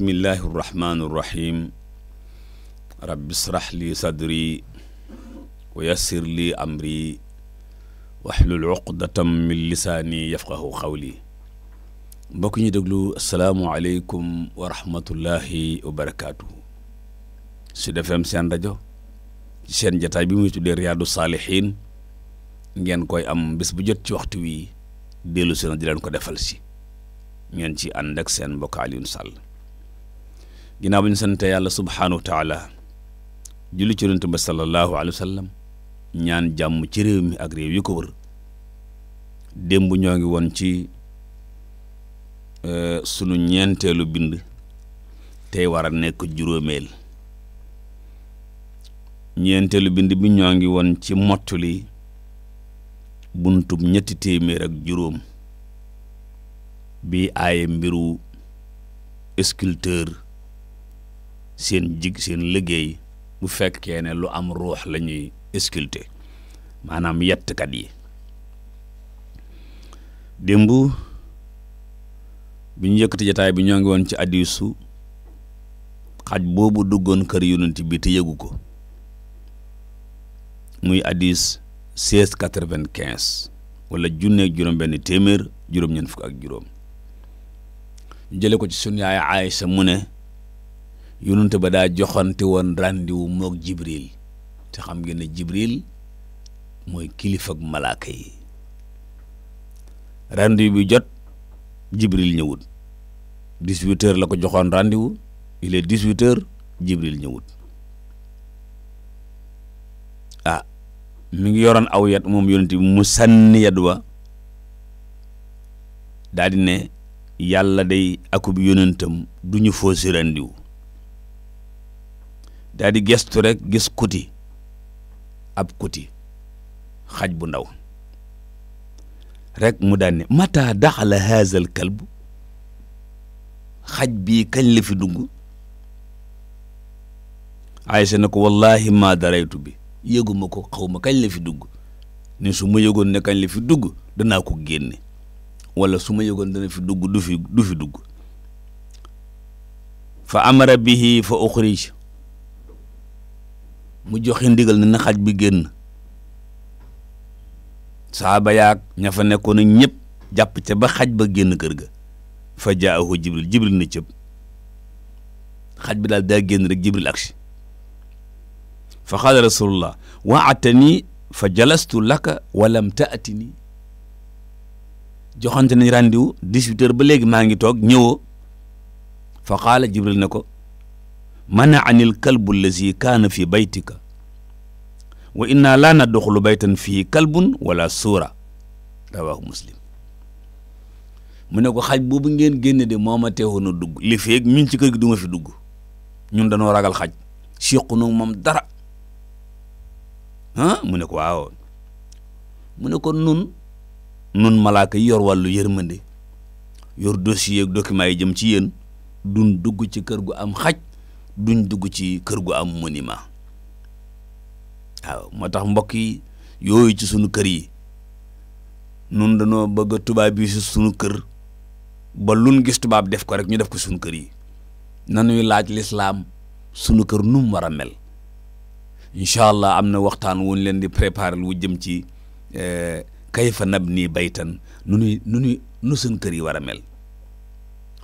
bismillahi irrahmani irrahim rabbi israh li sadri wa yassir li amri waxlul uqdatam min lisaani yafqahu qawli mbokk ñu déglu asalaamualeykum wa rahmatullahi wa barakaatuhu Sud FM seen rajo ci seen jataay bi muy tuddee Riyaadu Saalihiin ngeen koy am bés bu jot ci waxtu wi dellu si na di leen ko defal si ngeen ci ànd seen mbokk Alioune Sall ginnaaw bi ñu sante yàlla subhaanahu wa taala julli ci yonent ba sallallahu alayhi wa sallam ñaan jàmm ci réew mi ak réew yi ko wër démb ñoo ngi woon ci euh, sunu ñeenteelu bind tey war a nekk juróomeel ñeenteelu bind bi ñoo ngi woon ci mottuli buntub ñetti téeméer ak juróom bi aaye mbiru sculpteur seen jig seen liggéey bu fekkee ne lu am ruux la ñuy sculpter maanaam yettkat yi démb bi ñu yëkkati jataay bi ñoo ngi woon ci addisu xaj boobu duggoon kër yonent bi te yëgu ko muy addis seize quatre-vingt-quinze wala junneeg juróom-benn téeméer juróom-ñeent fukk ak juróom jële ko ci sunu yaay Aïcha mu ne yonent ba daa joxante woon rendez-vous mook Jibril te xam ngeen ne Jibril mooy kilifa ak malaaka yi rendez bi jot Jibril ñëwut dix la ko joxoon rendez-vous il est dix ñëwut ah mi ngi yoroon aw yat moom yonent bi mu sànni yat wa daal ne yàlla day akub yonentam du ñu foo si daal gestu rek gis kuti ab kuti xaj bu ndaw rek mu daan ne mata daxala haazal kalb xaj bii kañ la fi dugg Aysa ne ko wallahi maa daraytu bi yëguma ko xawma kañ la fi dugg ne su ma yëgoon ne kañ la fi dugg danaa ko génne wala su ma yëgoon dana fi dugg du fi du fi dugg fa amara bihi fa uxrij mu joxe ndigal na na xaj bi génn saaba yaag ña fa nekkoon ñëpp jàpp ca ba xaj ba génn kër ga fa jaahu jibril jibril na cëb xaj bi daal daa génn rek jibril aksi fa xaala rasulullah waatani fa jalastu laka walam taati nii joxante nañ rendez-vous ba léegi maa ngi toog ñëwoo fa xaala jibril na ko manaani l kalbu allazi kaana fi baytika wa inna laa nadxulu baytan fii kalbun wala suura rawaahu muslim mu ne ko xaj boobu ngeen génne de moo ma teewoon a dugg li feeg min ci kër gi du ma fi dugg ñun dañoo ragal xaj siqu nu moom dara ah mu ne ko waaw ne ko nun nun malaaka yi yor wàllu yërmande yor dossier ak document yi jëm ci yéen dun dugg ci kër gu am xaj duñ dugg ci kër gu am monument waaw moo tax mbokk yi yooyu ci sunu kër yi nun dañoo bëgg tubaab yi si sunu kër ba luñ gis tubaab def ko rek ñu def ko sunu kër yi nanuy laaj lislaam sunu kër nu mu war a mel incha allah am na waxtaan wuñ leen di préparer wu jëm ci eh, kayfa nabni baytan nu nuy nu nuy nu sunu kër yi war a mel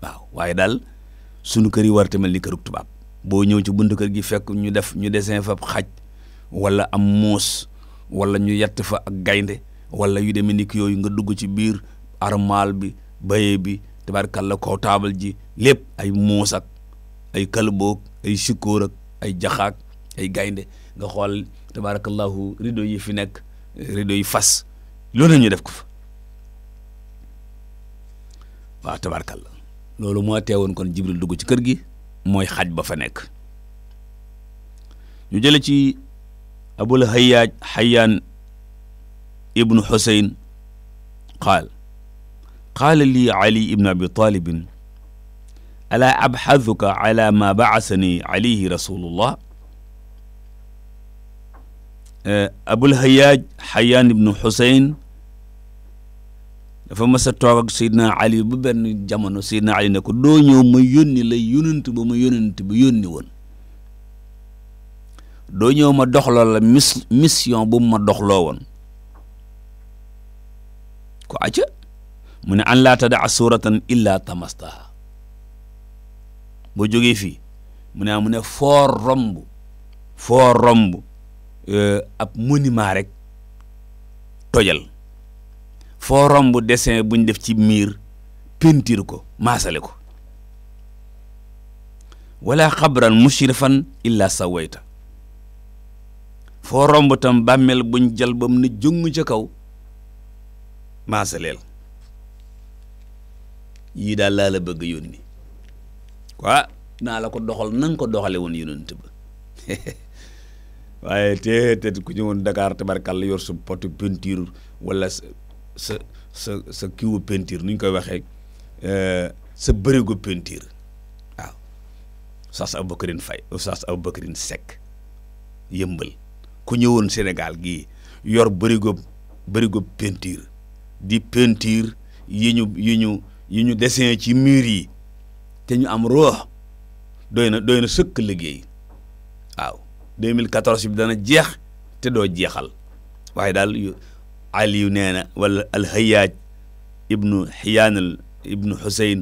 waaw waaye daal sunu kër yi war a mel ni kërug tubaab boo ñëw ci buntu kër gi fekk ñu def ñu desin fa xaj walla am muus wala ñu yett fa ak gaynde wala yu demee ni yooyu nga dugg ci biir armaal bi bayee bi tabarkalla kaw taabal ji lépp ay muus ay kalboog ay sikkóor ay jaxaak ay gaynde nga xool tabarakallahu rido yi fi nekk rido yi fas loolu ñu def ko fa waaw tabarkalla loolu moo teewoon kon Jibril dugg ci kër gi mooy xaj ba fa nekk ñu jële ci abul hayyaaj xayaan ibnu xuseyn qaal qaala lii ali ibnu abi taalibin alaa abxaduka ala ma baasani alayhi rasulullah eh, abul hayyaaj xayaan ibnu xuseyn dafa mas a toog ak Seydina Ali bu benn jamono Seydina Ali ne ko doo ñëw ma yónni la yónant ba ma yónant ba yónni woon doo ñëw ma doxloo la mis mission bu ma doxloo woon ko acca mu ne an laa tadaa suratan illa tamastaha boo jógee fii mu ne ah, mu ne romb foo romb euh, ab monument rek tojal foo romb dessin buñ def ci miir peinture ko maasale ko wala xabran mushrifan illa sawayta foo romb tam bàmmeel buñ jël bam na jëng ca kaw maasaleel yii daal laa la bëgg yónni waa naa la ko doxal nanga ko doxale woon yonent ba waaye te te ku ñu woon Dakar tabarkàlla yor su potu peinture wala sa sa sa kiwu peinture nu ñu koy waxee euh, sa bërigo peinture waaw oustaz Aboubacrine Faye oustaz Aboubacrine Seck yëmbal ku ñëwoon Sénégal gi yor bërigo bërigo peinture di peinture yi ñu yi ñu yi ñu dessin ci mur yi te ñu am roox doy na doy na sëkk liggéey waaw 2014 bi dana jeex te doo jeexal waaye daal aliyu nee walla wala alhayaaj ibnu xiyaanal ibnu xuseyn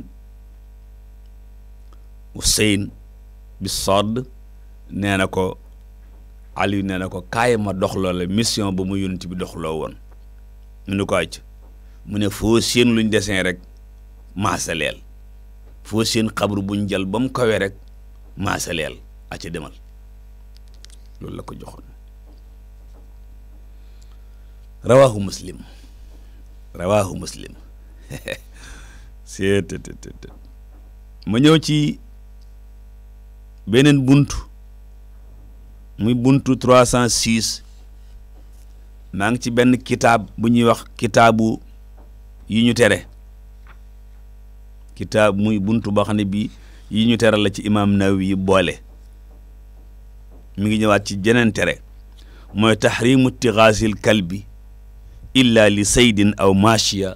huseyn bi sodd nee na ko aliyu nee na ko kaay ma doxloo la mission ba mu yonent bi doxloo woon mu ni ko acc mu ne foo seen luñ desee rek maasaleel foo seen xabru buñ jël ba mu kawee rek maasaleel acca demal loolu la ko joxoon rawaahu muslim rawaahu muslim seetetetet ma ñëw ci beneen buntu muy buntu trois cent six maa ngi ci benn kitaab bu ñuy wax kitaabu yi tere kitaab muy buntu boo xam ne bii yi ñu tere la ci imam Nawawi yi boole mu ngi ñëwaat ci jeneen tere mooy taxrimu tigaasil kalbi illa li saydin aw machiya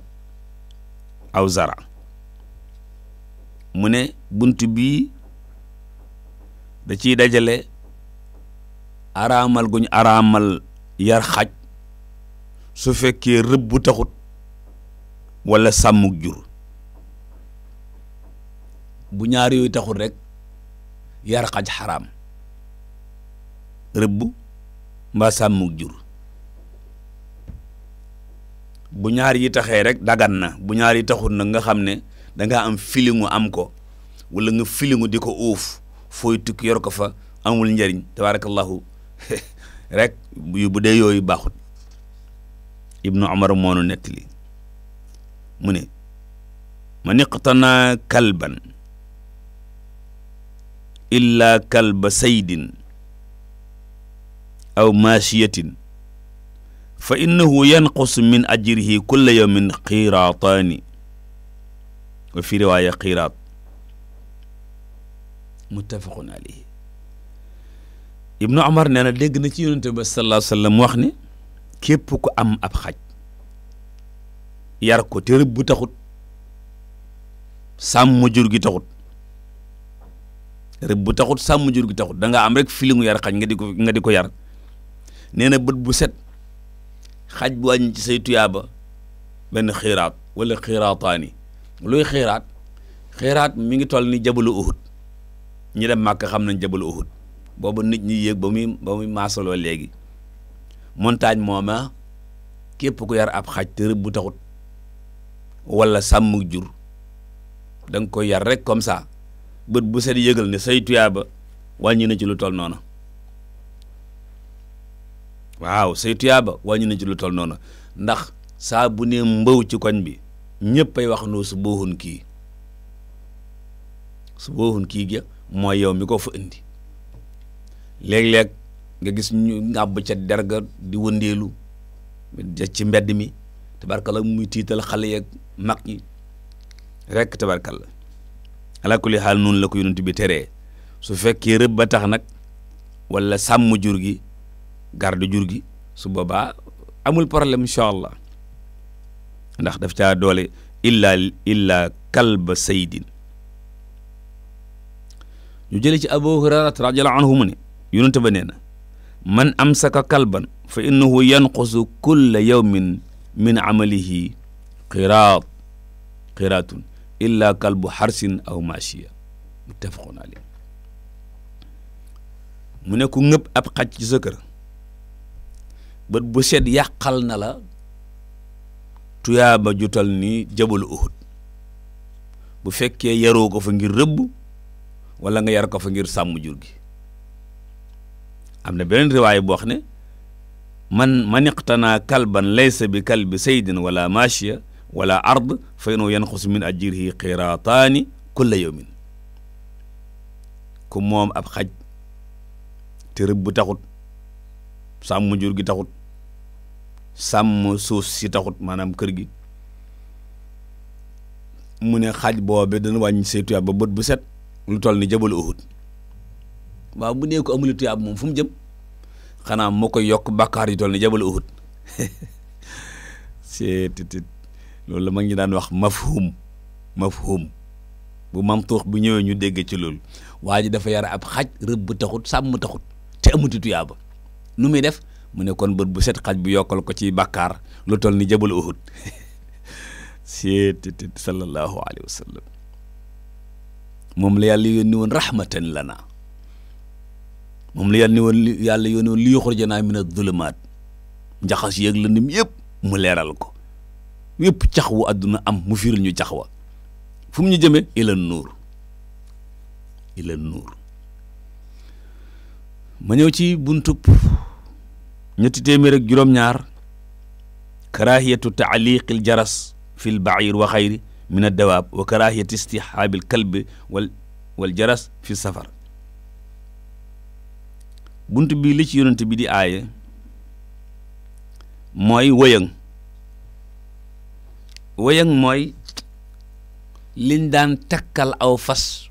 aw zara mu ne bunt bii da ciy dajale araamal guñ araamal yar xaj su fekkee rëbb bu taxut walla sàmmuk jur bu ñaar yooyu taxut rekk yar xaj xaraam rëbb mbaa sàmmuk jur bu ñaar yi taxee rek dagan na bu ñaar yi taxul nag nga xam ne dangaa am filingu am ko wala nga filingu di ko uuf fooy tukki yor ko fa amul njariñ tabarakallahu rek yu bu dee yooyu baaxut ibnu umar moonu nettali mu ne ma niqtana kalban illa kalba saydin aw maasiyatin fa innahu yanqus min ajrihi kulla yawmin xiiraataani wa fi riwaaya xiiraat muttafaqun alayhi ibnu amar nee na dégg na ci yonente bi sallallahu alayhi wax ne képp ko am ab xaj yar ko te rëbb bu taxut sàmm jur gi taxut rëbb bu taxut sàmm jur gi taxut da nga am rek filimu yar xaj nga di ko nga di ko yar nee na bët bu set xaj bu wàññi ci say tuyaaba benn xiraat wala xiraataani luy xiraat xiraat mi ngi toll ni jabalu uhud ñi dem màkk xam nañ jabalu uhud boobu nit ñi yéeg ba muy ba muy maasaloo léegi montagne mooma képp ku yar ab xaj te bu taxut wala sàmm jur danga nga koy yar rek comme sa bët bu set yëgal ne say tuyaaba wàññi na ci lu toll noonu waaw say tuyaaba wàññi na ci lu toll noonu ndax saa bu ne mbaw ci koñ bi ñëpp ay wax noo su booxun kii su booxun kii gi mooy yow mi ko fa indi léeg-léeg nga gis ñu ngàbb ca derga di wëndeelu ci mbedd mi tabarkalla muy tiital xale yeeg mag yi rekk la ala kulli xaal noonu la ko yonent bi teree su fekkee rëbb ba tax nag walla sàmm jur gi garde jur gi su boobaa amul problème incha allah ndax daf caa doole illa illa kalba saydin ñu jële ci abu hurairata radiallahu anhu mu ne yonente ba nee na man amsaka kalban fa innahu yanqusu kulla yawmin min amalihi qiraat qiraatun illa kalbu xarsin aw maashiya muttafaqun alayh mu ku ngëb ab xaj ci sa kër bët bu set yàqal na la tuyaaba jutal ni jabalu uhud bu fekkee yaroo ko fa ngir rëbb walla nga yar ko fa ngir sàmm jur gi am na beneen riwaay boo xam ne man maniqtanaa kalban laysa bi kalbi saydin wala machiya wala ard fa inoo yanxus min ajrihi qiraataani kulla yawmin ku moom ab xaj te rëbb taxut sàmm jur gi taxut sàmm suuf si taxut maanaam kër gi mu ne xaaj boobe dana wàññ say tuyaab ba bët bu set lu toll ni jabalu Uhud waaw bu nekk ko amul tuyaab moom fu mu jëm xanaa moo koy yokk bàkkaar yu toll ni jabalu Uhud seetitit loolu la mag ñi daan wax mafhum mafhum bu mam mamtuux bu ñëwee ñu déggee ci loolu waa ji dafa yara ab xaj rëbb taxut sàmm taxut te amuti tuyaaba nu muy def mu ne kon bët bu set xaj bi yokkal ko ci bàkkaar lu toll ni jabal uhud seetit sallallahu alayhi wa sallam moom la yàlla yónni woon rahmatan lana moom la yàlla woon yàlla yónni woon li yuxrijana min adulumaat njaxas yéeg la nim yëpp mu leeral ko yépp cax wu àdduna am mu firil ñu cax wa fu ñu jëmee ila nuur ila nuur ma ñëw ci buntub ñetti téeméer ak juróom-ñaar karahiyatu taaliqil jaras fi l wa xayri min ad wa karahiyatu istihaabil kalbi wal jaras fi safar bunt bi li ci yonent bi di aaye mooy wëyëng wëyëng mooy liñ daan takkal aw fas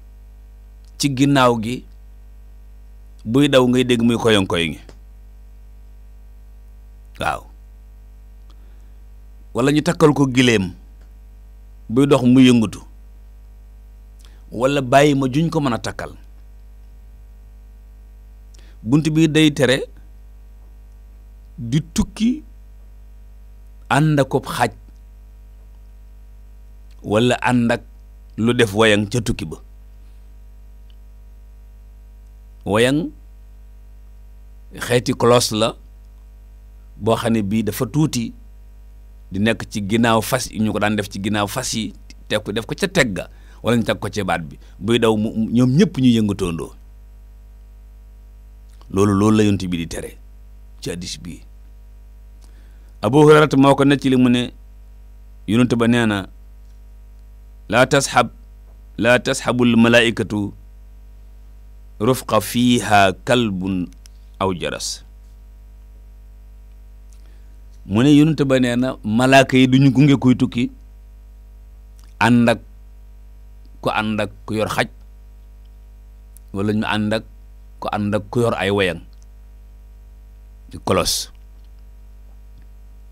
ci ginnaaw gi buy daw ngay dégg muy koyoŋ koyoŋi waaw wala ñu takkal ko gileem buy dox mu yëngatu wala bàyyi ma juñ ko mën a takkal bunt bii day tere di tukki ànd ak xaj wala ànd ak lu def wayang ca tukki ba wayang xeeti cloche la boo xam ne bii dafa tuuti di nekk ci ginnaaw fas yi ko daan def ci ginnaaw fas yi teg ko def ko ca teg ga wala ko ca baat bi buy daw mu ñoom ñëpp ñu yëngatoondoo loolu loolu la yont bi di tere ci bi bii Abu Hurayrata moo ko ci li mu ne yonent ba nee na laa tasxab laa tasxabul malaaikatu rufqa fiiha kalbun aw jaras mu ne yonent ba nee na malaaka yi du ñu gunge kuy tukki ànd ak ku ànd ku yor xaj walla ñu ànd ku ànd ak ku yor ay wayang di kolos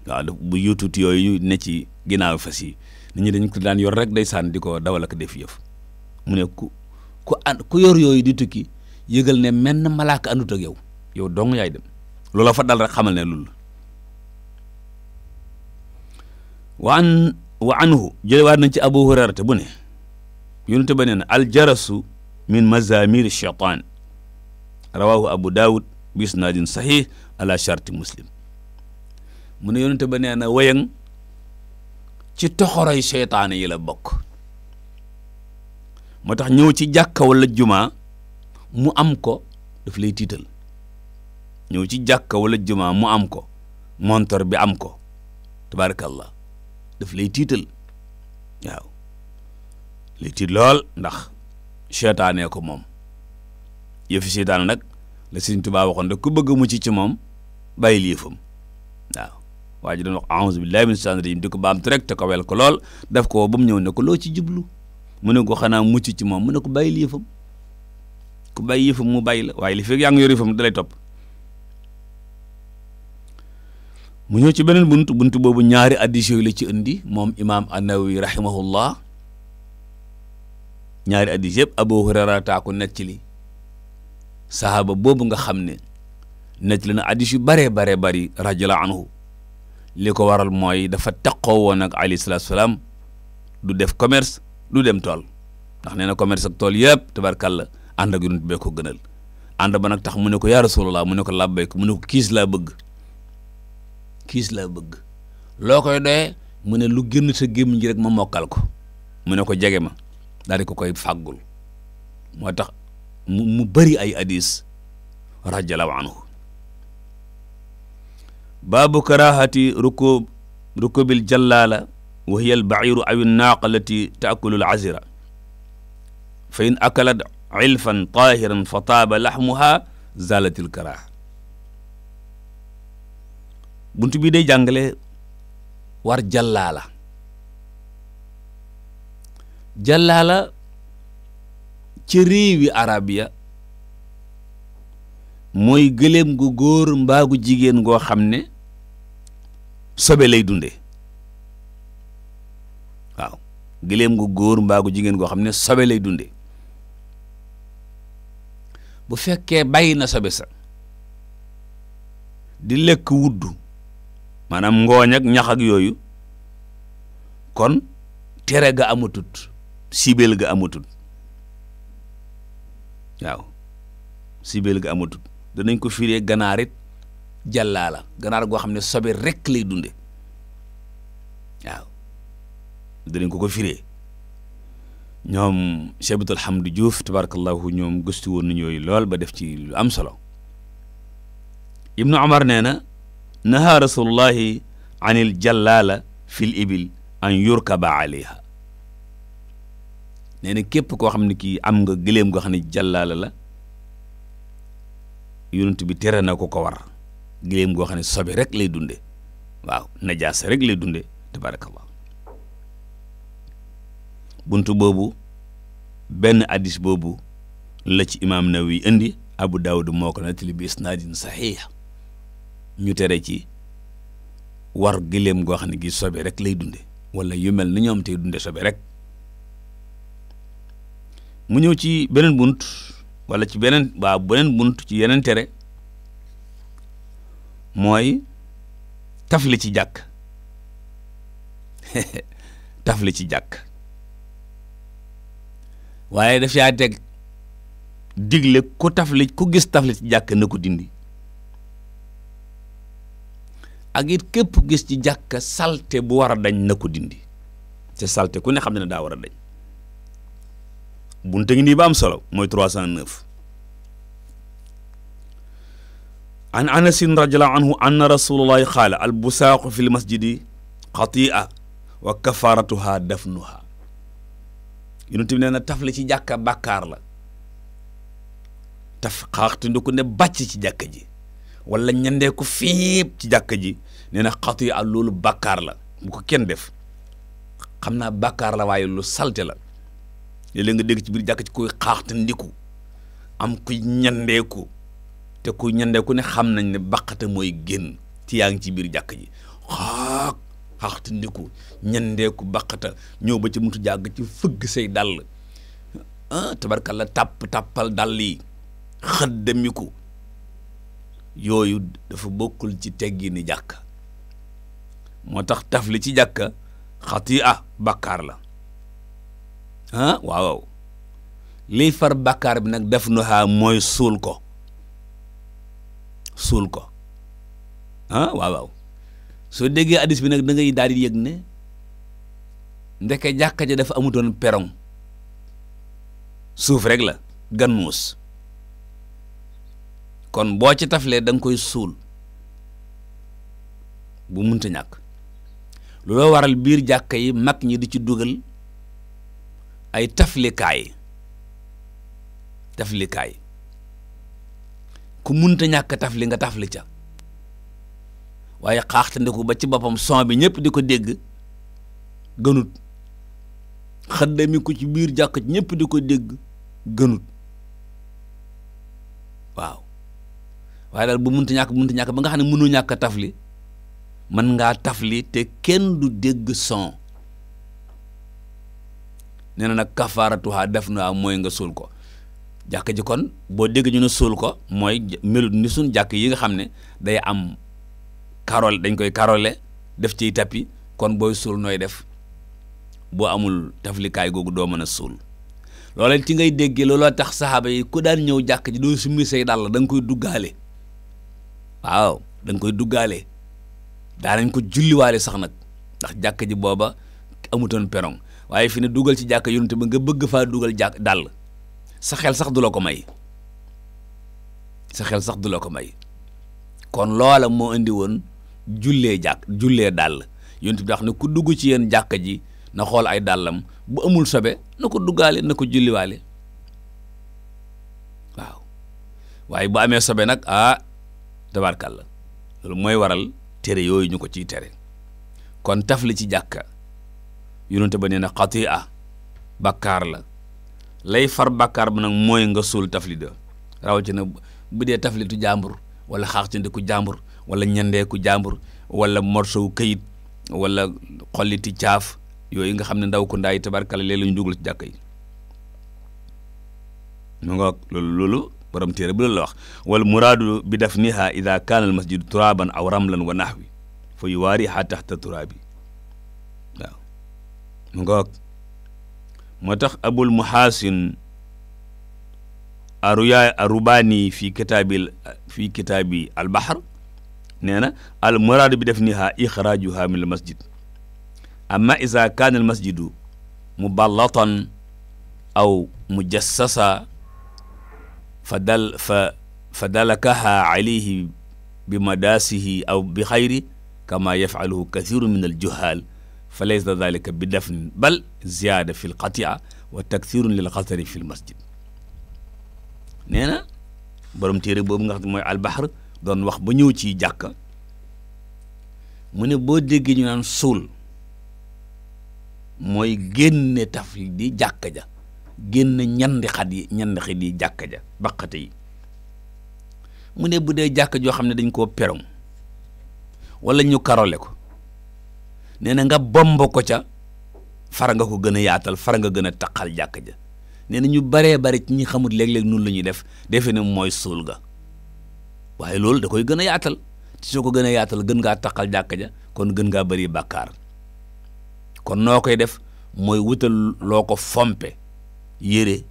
waaw da bu yututi yooyu ne ci ginnaaw fas yi nit ñi dañ ko daan yor rek day sànni di ko dawal ak def yëf mu ne ku ku ànd ku yor yooyu di tukki yëgal ne menn malaaka àndut ak yow yow dong yaay dem loola fa dal rek xamal ne loolu waa an wa anhu jëlewaat nañ ci abu hurairata bu ne yonente ba nee na aljarasu min mazamir cheytaan rawahu abu daawud bi isnaadin saxiix ala charti muslim mu ne yonente ba nee na wayaŋ ci toxoroy seytaane yi la bokk moo tax ñëw ci jàkka jumaa mu am ko daf tiital ñëw ci jàkka jumaa mu am ko montor bi am ko tabaarakallah daf lay tiital waaw lay tiit lool ndax seetaanee ko moom yëfi seetaan nag la tu Tuubaa waxoon rek ku bëgg mu ci ci moom bàyyil yëfam waaw waa ji doon wax a'uuzu billaahi mina shaytaani rajiim di ko baamtu rek te ko wel ko lool def ko ba mu ñëw ne ko loo ci jublu mu ne ko xanaa mucc ci moom mu ne ko bàyyil yëfam ku bàyyi yëfam mu bàyyi la waaye li fekk yaa ngi yor yëfam dalay topp mu ñëw ci beneen bunt bunt boobu ñaari addis yooyu la ci indi moom imaam An-Nawawi rahimahullah ñaari addis yëpp Abu Hurayra taa ko nekk ci li sahaaba boobu nga xam ne nekk na addis yu baree baree bari radiyallahu anhu li ko waral mooy dafa taqoo woon ak alayhi salaatu salaam du def commerce du dem tool ndax nee na commerce ak tool yëpp tabarkàlla ànd ak yonent bee ko gënal ànd ba nag tax mu ne ko yaa rasulallah mu ne ko làbbayk mu ne ko kiis laa bëgg kiis laa bëgg loo koy doyee mu ne lu génn sa gémmiñ ji rek ma mokkal ko mu ne ko jege ma daal ko koy fàggul moo tax mu bari ay hadis rajallahu anhu baabu karahati rukub rukubil jallala wa hiya al ba'iru aw an naaqa allati fa in akalat ilfan taaba laxmuha zalatil karaha bunt bii day jàngale war jàllaala jallaala ci réewi arab ya mooy gëléem gu góor mbaa gu jigéen goo xam ne sobe lay dunde waaw gëléem gu góor mbaa gu jigéen goo xam ne sobe lay dunde bu fekkee bàyyi na sobe sa di lekk wuddu maanaam ngooñ ak ñax ak yooyu kon tere ga amatut sibel ga amatut waaw sibel ga amatut danañ ko firee ganaar it jàllaa ganaar goo xam ne sobe rek lay dunde waaw danañ ko ko firee ñoom Cheikh Abdul Hamd Diouf tabarakallahu ñoom gëstu woon nañu yooyu lool ba def ci lu am solo Ibnu Omar nee naha rasulullahi anil jallala fil ibil an yurkaba aleyha nee na képp koo xam ne kii am nga gëléem goo xam ne jàllaala la yonent bi tere na ko ko war gëléem goo xam ne sobe rek lay dunde waaw najaasa rek lay dunde tabarakallah bunt boobu benn addis boobu la ci imaam Nawawi indi Abu Daawud moo ko nettali bi isnaadin saxiix ñu tere ci war gëléem goo xam ne gi sobe rek lay dunde wala yu mel ni ñoom tey dunde sobe rek mu ñëw ci beneen bunt wala ci beneen waa beneen bunt ci yeneen tere mooy taf tafli ci jàkk taf tafli ci jàkk waaye daf yaa teg digle ku tafli ko gis tafli ci jàkk na ko dindi ak it képp gis ci jàkka salte bu war a dañ na ko dindi te salte ku ne xam ne daa war a dañ bunte ngi nii ba am solo mooy 309 an anasin radiallahu anhu anna rasulullahi qaala al busaaqu fi l masjidi xatia wa kafaratuha dafnuha yonent bi na taf la ci jàkka bàkkaar la taf xaaxtindiku ne bàcc ci jàkka ji wala ñandee ko fépp ci jàkk ji nee na xatu yi ak loolu bàkkaar la bu ko kenn def xam naa bàkkaar la waaye lu salte la léeg nga dégg ci biir jàkk ci kuy xaaxte ndiku am kuy ñandeeku te kuy ñandeeku ne xam nañ ne baqate mooy génn ci yaa ngi ci biir jàkk ji xaax ñandeeku baqata ñëw ba ci mutu jàgg ci fëgg say dàll ah la tàpp tàppal dàll yi xëddamiku yooyu dafa bokkul ci teggini jàkka moo tax tafli ci jàkka xatia bàkkaar la ah waaw liy far bàkkaar bi nag def nuhaa mooy suul ko suul ko ah waaw soo déggee addis bi nag dangay ngay daal di yëg ne ndekke jàkka ja dafa amutoon perong suuf rekk la gannuus kon boo ci taflee danga koy suul bu munta ñàkk looloo waral biir jàkka yi mag ñi di ci dugal ay taflikaay taflikaay ku munta ñàkk tafli nga tafli ca waaye xaaxtandiku ba ci boppam son bi ñëpp di ko dégg gënut xaddami ci biir jàkk ñépp di ko dégg gënut waaw waaye daal bu munta ñàkk bu munta ñàkk ba nga xam ne mënu ñàkk a tafli mën ngaa tafli te kenn du dégg son nee na nag kafaaratuha def na mooy nga suul ko jàkk ji kon boo dégg ñu ne suul ko mooy melut ni suñ jàkk yi nga xam ne day am karol dañ koy karole def ciy tappi kon booy suul nooy def boo amul taflikaay googu doo mën a suul loola ci ngay déggee looloo tax saxaaba yi ku daal ñëw jàkk ji doo summi say dàll da koy duggaale waaw dañ koy duggaale daanañ ko julliwaale sax nag ndax jàkk ji booba amutoon perong waaye fi ne dugal ci jàkk yonent ba nga bëgg faa dugal jàkk dàll sa xel sax du la ko may sa sax du ko may kon loola moo indi woon jullee jàkk jullee dàll yonent bi wax ne ku dugg ci yéen jàkk ji na xool ay dàllam bu amul sobe na ko duggaale na ko julliwaale waaw waaye bu amee sobe nag ah la loolu mooy waral tere yooyu ñu ko ci tere kon taf li ci jàkka yonente ba nee na xati a la lay far bàkkaar ba nag mooy nga suul tafli da rawatina bu dee taflitu jàmbur wala xaaxtandiku jàmbur wala ñandeeku jàmbur walla morsowu këyit wala xolliti caaf yooyu nga xam ne ndaw ko ndaay tabarkala léeg la ñu dugal ci jàkka yi mu nga loolu loolu borom téere bu loolu la wax wal muraadu bi daf niha ida kaana al masjidu turaban aw ramlan wa nahwi fa yuwaariha taxta turaabi waaw mu ngoog moo tax abul muhaasin aruya arubaani fi kitaabil fi kitaabi al bahr nee na al muraadu bi def niha ixraajuha min al masjid amma isa kaana al masjidu muballatan aw mujassasa fa dal fa fa dalakaha alayhi bi madaasihi aw bi xayri kama yafaluhu kathiru min aljuhaal fa laysa dalika bi dafnin bal ziyaada fi lxatia wa takthirun lil xatari fi lmasjid nee na borom téere boobu nga xam ne mooy albaxar doon wax ba ñëw ci jàkka mu ne boo déggee ñu naan suul mooy génne taf di jàkka ja génn ñandi xat yi ñandi xat yi jàkka ja baqate yi mu ne bu dee jàkka joo xam ne dañ koo perong wala ñu karole ko nee na nga bomb ko ca far nga ko gën a yaatal far nga gën a taqal jàkka ja nee na ñu baree bari ci ñi xamut léeg-léeg noonu la ñuy def defe ne mooy suul ga waaye loolu da koy gën a yaatal ci soo ko gën a yaatal gën ngaa taqal jàkka ja kon gën ngaa bëri bàkkaar kon noo koy def mooy wutal loo ko fompe yére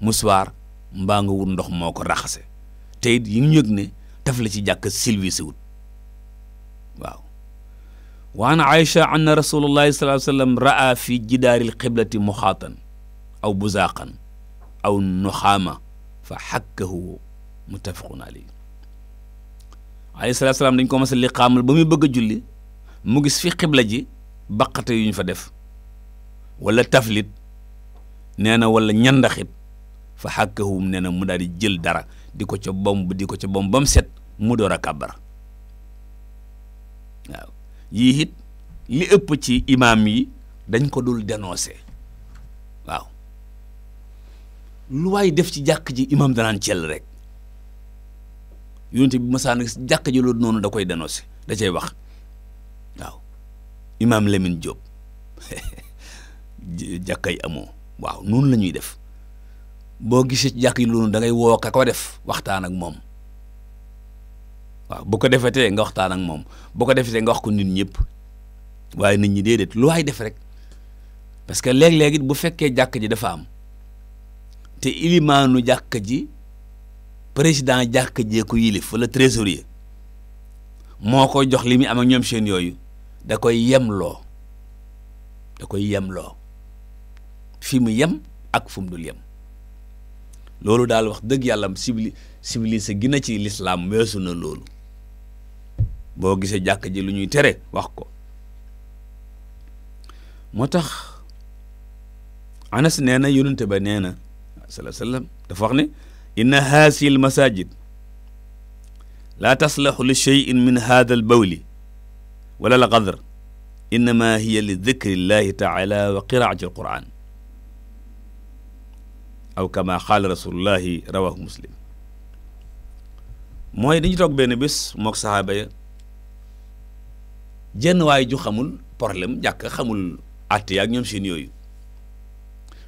musuwaar mbaa nga wut ndox moo ko raxase te yi ñu yëg ne daf la ci jàkk silvise wut waaw wa an aïcha anna rasulullahi sallallahu alayhi wa sallam raa fi jidaaril qiblati muxaatan aw buzaaqan aw nuxaama fa xakkahu muttafaqun alayhi alayhi salaatu salaam dañ ko mas a liqaamal ba muy bëgg a julli mu gis fi xibla ji baqate yu ñu fa def wala taflit nee na wala ñandaxit fa xàkkahum nee na mu daal di jël dara di ko ca bomb di ko ca bomb ba mu set mu door a kàbbar waaw yii it li ëpp ci imaam yi dañ ko dul dénoncé waaw lu waay def ci jàkk ji imaam danaan cell rek yonte bi masaan jàkk ji loolu noonu da koy dénoncé da cay wax waaw imaam Lamine Diop jàkkay amoo waaw noonu la ñuy def boo gisee ci jàkk yi loolu da ngay woo ko def waxtaan ak moom waaw bu ko defetee nga waxtaan ak moom bu ko defetee nga wax ko nit ñëpp waaye nit ñi déedéet lu waay def rek parce que léeg-léeg bu fekkee jàkk ji dafa am te ilimaanu jàkk ji président jàkk jee ko yilif wala yi moo ko jox li muy am ñoom seen yooyu da koy yemloo da koy yemloo fi mu yem ak fu mu dul yem loolu daal wax dëgg yàlla sibili civilisé gi na ci lislaam weesu na loolu boo gisee jàkk ji lu ñuy tere wax ko moo tax anas nee na yonente ba nee na salaa sallam wax ne inna haasi l masajid laa taslahu li cheyin min hada al bawli wala al qadr innama hiya li dicri llahi taala wa qiraati al quran aw kama xaala rasulullahi rawahu muslim mooy dañu toog benn bis mook saxaaba ya jenn waay ju xamul problème jàkk xamul àtte yaak ñoom seen yooyu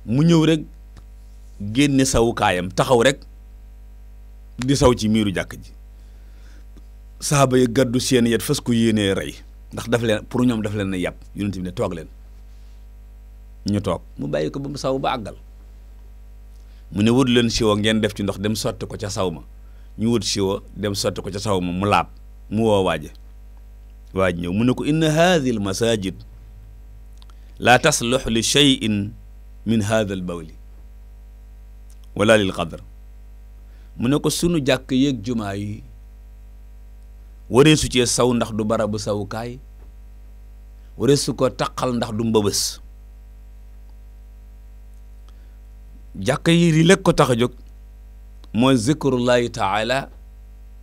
mu ñëw rek génne sawukaayam taxaw rek di saw ci miiru jàkk ji saxaaba ya gàddu seen yet fas ko yéenee rey ndax daf leen pour ñoom daf leen yàpp yonent bi ne toog leen ñu toog mu bàyyi ko ba mu saw ba àggal mu ne wut leen siwo ngeen def ci ndox dem sotti ko ca saw ma ñu wut siwo dem sotti ko ca saw ma mu laab mu woo waaje waaj ñëw mu ne ko inna haadihi al masajid laa taslux li cheyin min haada al bawli wala lil mu ne ko sunu jàkk yéeg jumaa yi waree su cee saw ndax du barabu sawukaay waree su ko taqal ndax du mbëbës jàkka yi li lekk ko tax a jóg mooy zikrullahi taala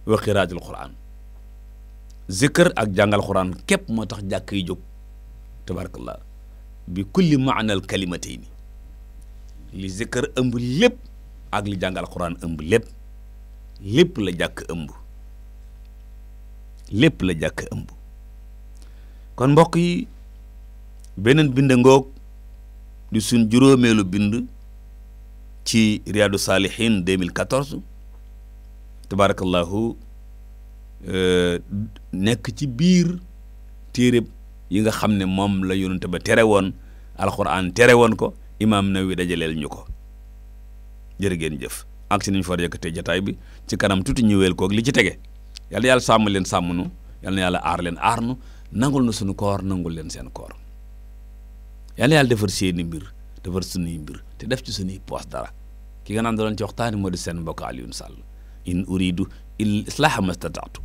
wa qiraatul quran zikr ak jàngal quran képp moo tax jàkka yi jóg tabarakallah bi kulli maanal kalimatayni li zikr ëmb lépp ak li jàngal quran ëmb lépp lépp la jàkk ëmb lépp la jàkk ëmb kon mbokk yi beneen bind ngoog di suñ juróomeelu bind ci Riyadou Salihine 2014 tabarakallahu euh, nekk ci biir téere yi nga xam ne moom la yonente ba tere woon alxuraan tere woon ko imaam na Nawawi dajaleel ñu ko jërë jëf ak si nañ te yëkkatee jataay bi ci kanam tuuti ñëweel koog li ci tege yàlla yàlla sàmm leen sàmm nu yàlla na yàlla aar leen aar nu nangul na sunu koor nangul leen seen koor yàlla yàlla defar seeni mbir defar suñuy mbir te def ci suñuy poos dara ki nga naan doon ci waxtaani moo di seen mbokk Alioune Sall in uridu il islaaha mastataatu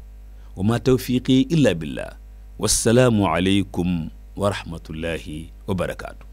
wa ma tawfiqi illa billah wassalaamu aleykum wa rahmatullahi wa